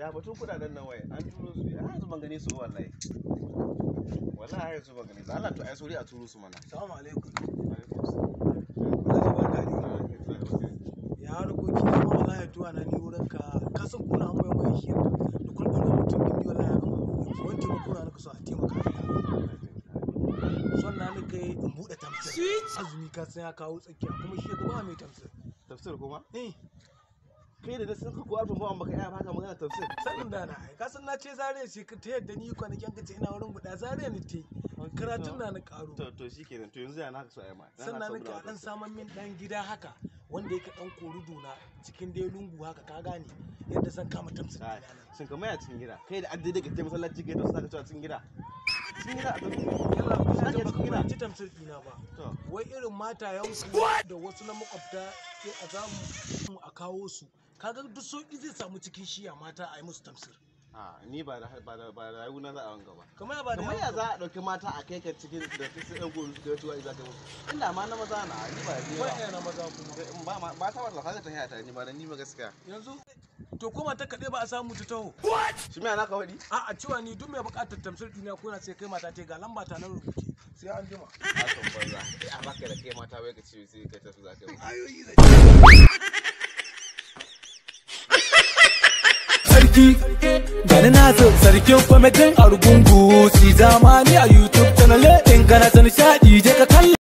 ya batun kudaden nan wai an turo su ya yanzu ban su wallahi wallahi har yanzu ban su Allah to ai sori a turo su mana assalamu alaikum ya harkoki na ma wallahi tuwa na ni wurin ka kasan kuna an bai mai shi da kun dole mutum din wallahi ga mu Wani mu kuna na kusa a taimaka sannan ni kai in bude tamsir azumi ka san ya kawo tsakiya kuma shi gaba mai tamsir tafsir kuma eh kai da sun ka kuwa ba maka ya baka magana tafsir sanin da na ka san na ce zare ce ka ta yadda ni kwanakin ka ce ina wurin guda zare ni te karatun na ni karo to to shikenan to yanzu ya naka so ai ma sannan nika dan saman min dan gida haka wanda yake dan korudo na cikin dai lungu haka ka gane yadda san kama tafsir sun ka maya cikin gida kai da addai daga je masallaci kai da saka cewa cikin gida Wai irin mata tafsir ci da wasu na makwabta ke a zamu a kawo su kaga duk sauki zai samu cikin shiya mata a yi musu tamsir Ah, ni ba da ba ba za a wanga ba kamar ba da ya za a dauki mata a kai ka cikin da su sai ɗan gobe da tuwa za ta musu inda ma na maza na ni ba ni ba na maza kuma ba ma ba ta wallahi kaga ta hayata ni ba da ni ba gaskiya yanzu to ko mata kaɗai ba a samu ta taho shi me ana wadi? a a cewa ni duk mai buƙatar tamsir duniya ko na sai kai mata ta ga lamba ta nan rubuce sai an jima a san banza a baka da kai mata bai ka ce sai kai ta su za ka yi ayoyi zai sarki gani na zo sarkin kwamitin argungu si zamani a youtube channel eh, in kana san shaɗi je ka kalla